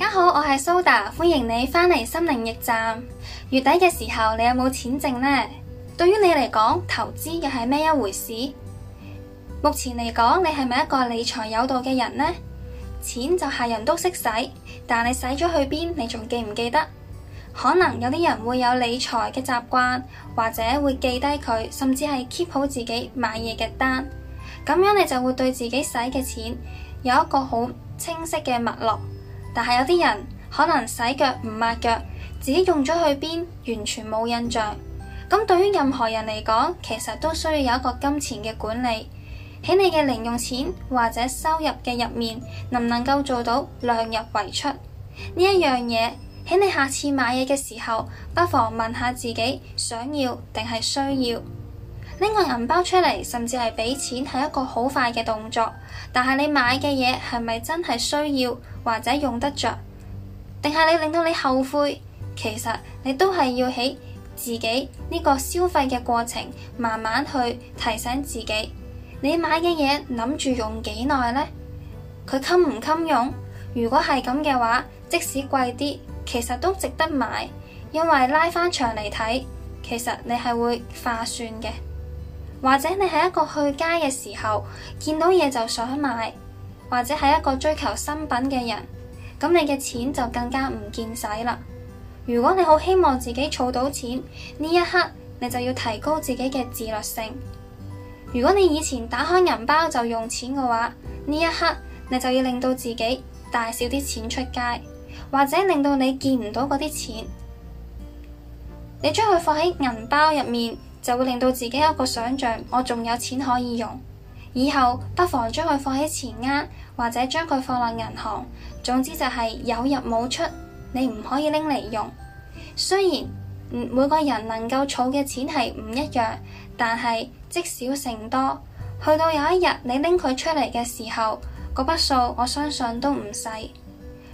大家好，我係蘇達，歡迎你返嚟心靈驛站。月底嘅時候，你有冇錢剩呢？對於你嚟講，投資又係咩一回事？目前嚟講，你係咪一個理財有道嘅人呢？錢就係人都識使，但你使咗去邊，你仲記唔記得？可能有啲人會有理財嘅習慣，或者會記低佢，甚至係 keep 好自己買嘢嘅單。咁樣你就會對自己使嘅錢有一個好清晰嘅脈絡。但係有啲人可能洗腳唔抹腳，自己用咗去邊，完全冇印象。咁對於任何人嚟講，其實都需要有一個金錢嘅管理，喺你嘅零用錢或者收入嘅入面，能唔能夠做到量入為出？呢一樣嘢喺你下次買嘢嘅時候，不妨問下自己想要定係需要。拎個銀包出嚟，甚至係俾錢，係一個好快嘅動作。但係你買嘅嘢係咪真係需要或者用得着？定係你令到你後悔？其實你都係要喺自己呢個消費嘅過程，慢慢去提醒自己，你買嘅嘢諗住用幾耐呢？佢襟唔襟用？如果係咁嘅話，即使貴啲，其實都值得買，因為拉翻長嚟睇，其實你係會化算嘅。或者你係一個去街嘅時候見到嘢就想買，或者係一個追求新品嘅人，咁你嘅錢就更加唔見使啦。如果你好希望自己儲到錢，呢一刻你就要提高自己嘅自律性。如果你以前打開銀包就用錢嘅話，呢一刻你就要令到自己帶少啲錢出街，或者令到你見唔到嗰啲錢，你將佢放喺銀包入面。就會令到自己有個想像，我仲有錢可以用。以後不妨將佢放喺錢罌，或者將佢放落銀行。總之就係有入冇出，你唔可以拎嚟用。雖然每個人能夠儲嘅錢係唔一樣，但係積少成多，去到有一日你拎佢出嚟嘅時候，嗰筆數我相信都唔細。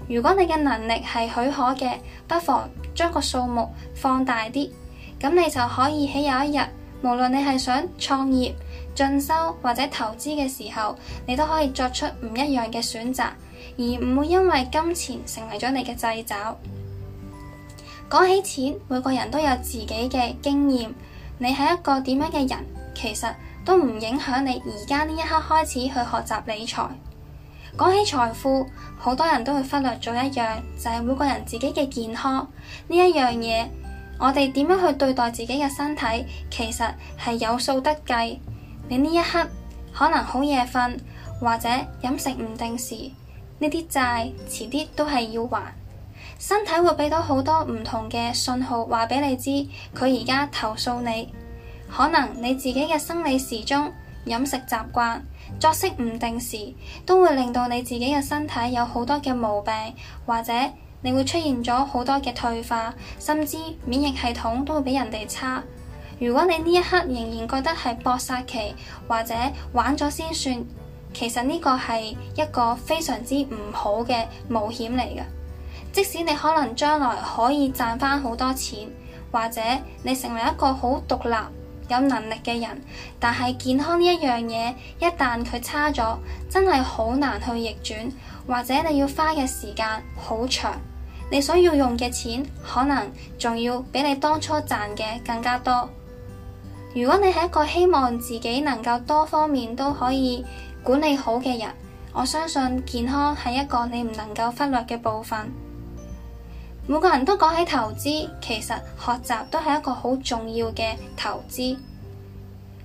如果你嘅能力係許可嘅，不妨將個數目放大啲。咁你就可以喺有一日，無論你係想創業、進修或者投資嘅時候，你都可以作出唔一樣嘅選擇，而唔會因為金錢成為咗你嘅掣肘。講起錢，每個人都有自己嘅經驗。你係一個點樣嘅人，其實都唔影響你而家呢一刻開始去學習理財。講起財富，好多人都會忽略咗一樣，就係每個人自己嘅健康呢一樣嘢。我哋點樣去對待自己嘅身體，其實係有數得計。你呢一刻可能好夜瞓，或者飲食唔定時，呢啲債遲啲都係要還。身體會俾到好多唔同嘅信號話俾你知，佢而家投訴你。可能你自己嘅生理時鐘、飲食習慣、作息唔定時，都會令到你自己嘅身體有好多嘅毛病，或者。你會出現咗好多嘅退化，甚至免疫系統都會比人哋差。如果你呢一刻仍然覺得係搏殺期，或者玩咗先算，其實呢個係一個非常之唔好嘅冒險嚟嘅。即使你可能將來可以賺翻好多錢，或者你成為一個好獨立有能力嘅人，但係健康呢一樣嘢，一旦佢差咗，真係好難去逆轉，或者你要花嘅時間好長，你想要用嘅錢可能仲要比你當初賺嘅更加多。如果你係一個希望自己能夠多方面都可以管理好嘅人，我相信健康係一個你唔能夠忽略嘅部分。每個人都講起投資，其實學習都係一個好重要嘅投資。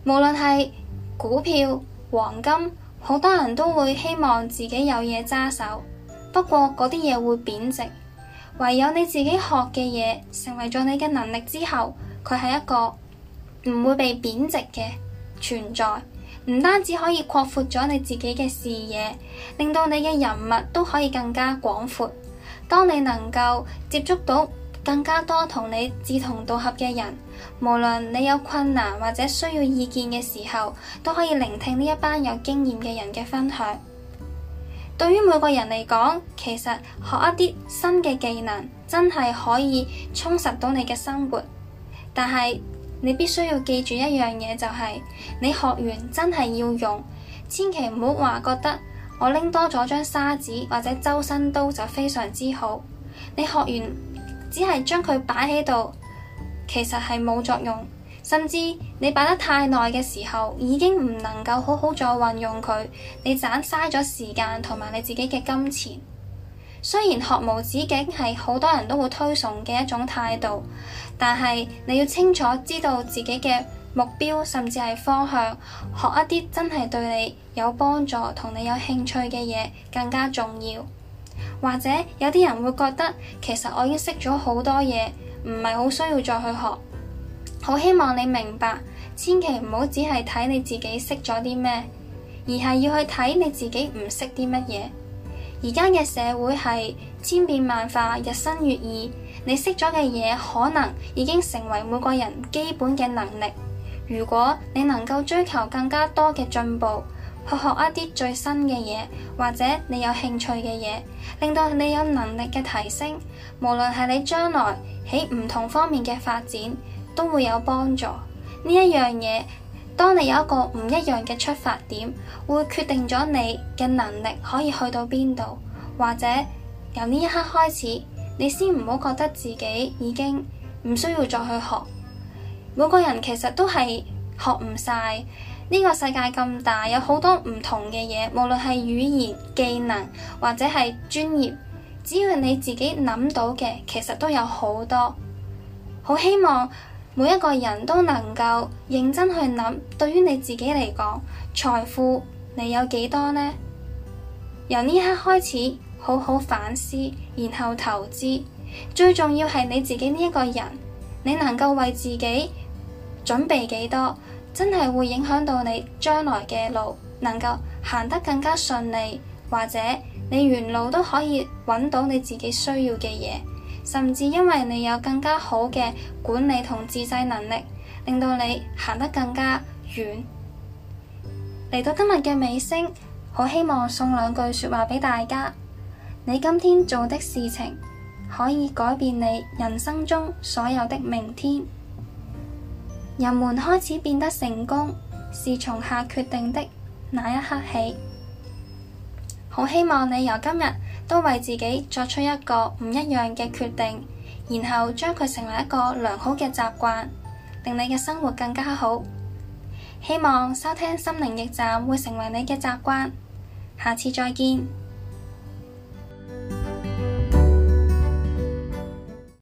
無論係股票、黃金，好多人都會希望自己有嘢揸手。不過嗰啲嘢會貶值，唯有你自己學嘅嘢成為咗你嘅能力之後，佢係一個唔會被貶值嘅存在。唔單止可以擴闊咗你自己嘅視野，令到你嘅人物都可以更加廣闊。當你能夠接觸到更加多同你志同道合嘅人，無論你有困難或者需要意見嘅時候，都可以聆聽呢一班有經驗嘅人嘅分享。對於每個人嚟講，其實學一啲新嘅技能真係可以充實到你嘅生活。但係你必須要記住一樣嘢，就是，就係你學完真係要用，千祈唔好話覺得。我拎多咗張沙紙或者周身刀就非常之好。你學完只係將佢擺喺度，其實係冇作用。甚至你擺得太耐嘅時候，已經唔能夠好好再運用佢，你盞嘥咗時間同埋你自己嘅金錢。雖然學無止境係好多人都會推崇嘅一種態度，但係你要清楚知道自己嘅。目標甚至係方向，學一啲真係對你有幫助同你有興趣嘅嘢更加重要。或者有啲人會覺得其實我已經識咗好多嘢，唔係好需要再去學。好希望你明白，千祈唔好只係睇你自己識咗啲咩，而係要去睇你自己唔識啲乜嘢。而家嘅社會係千變萬化、日新月異，你識咗嘅嘢可能已經成為每個人基本嘅能力。如果你能夠追求更加多嘅進步，去學一啲最新嘅嘢，或者你有興趣嘅嘢，令到你有能力嘅提升，無論係你將來喺唔同方面嘅發展都會有幫助。呢一樣嘢，當你有一個唔一樣嘅出發點，會決定咗你嘅能力可以去到邊度，或者由呢一刻開始，你先唔好覺得自己已經唔需要再去學。每個人其實都係學唔晒。呢個世界咁大，有好多唔同嘅嘢，無論係語言技能或者係專業，只要你自己諗到嘅，其實都有好多。好希望每一個人都能夠認真去諗，對於你自己嚟講，財富你有幾多呢？由呢刻開始，好好反思，然後投資。最重要係你自己呢一個人。你能夠為自己準備幾多，真係會影響到你將來嘅路，能夠行得更加順利，或者你沿路都可以揾到你自己需要嘅嘢，甚至因為你有更加好嘅管理同自制能力，令到你行得更加遠。嚟到今日嘅尾聲，好希望送兩句說話畀大家：你今天做的事情。可以改變你人生中所有的明天。人們開始變得成功，是從下決定的那一刻起。好希望你由今日都為自己作出一個唔一樣嘅決定，然後將佢成為一個良好嘅習慣，令你嘅生活更加好。希望收聽心靈驛站會成為你嘅習慣。下次再見。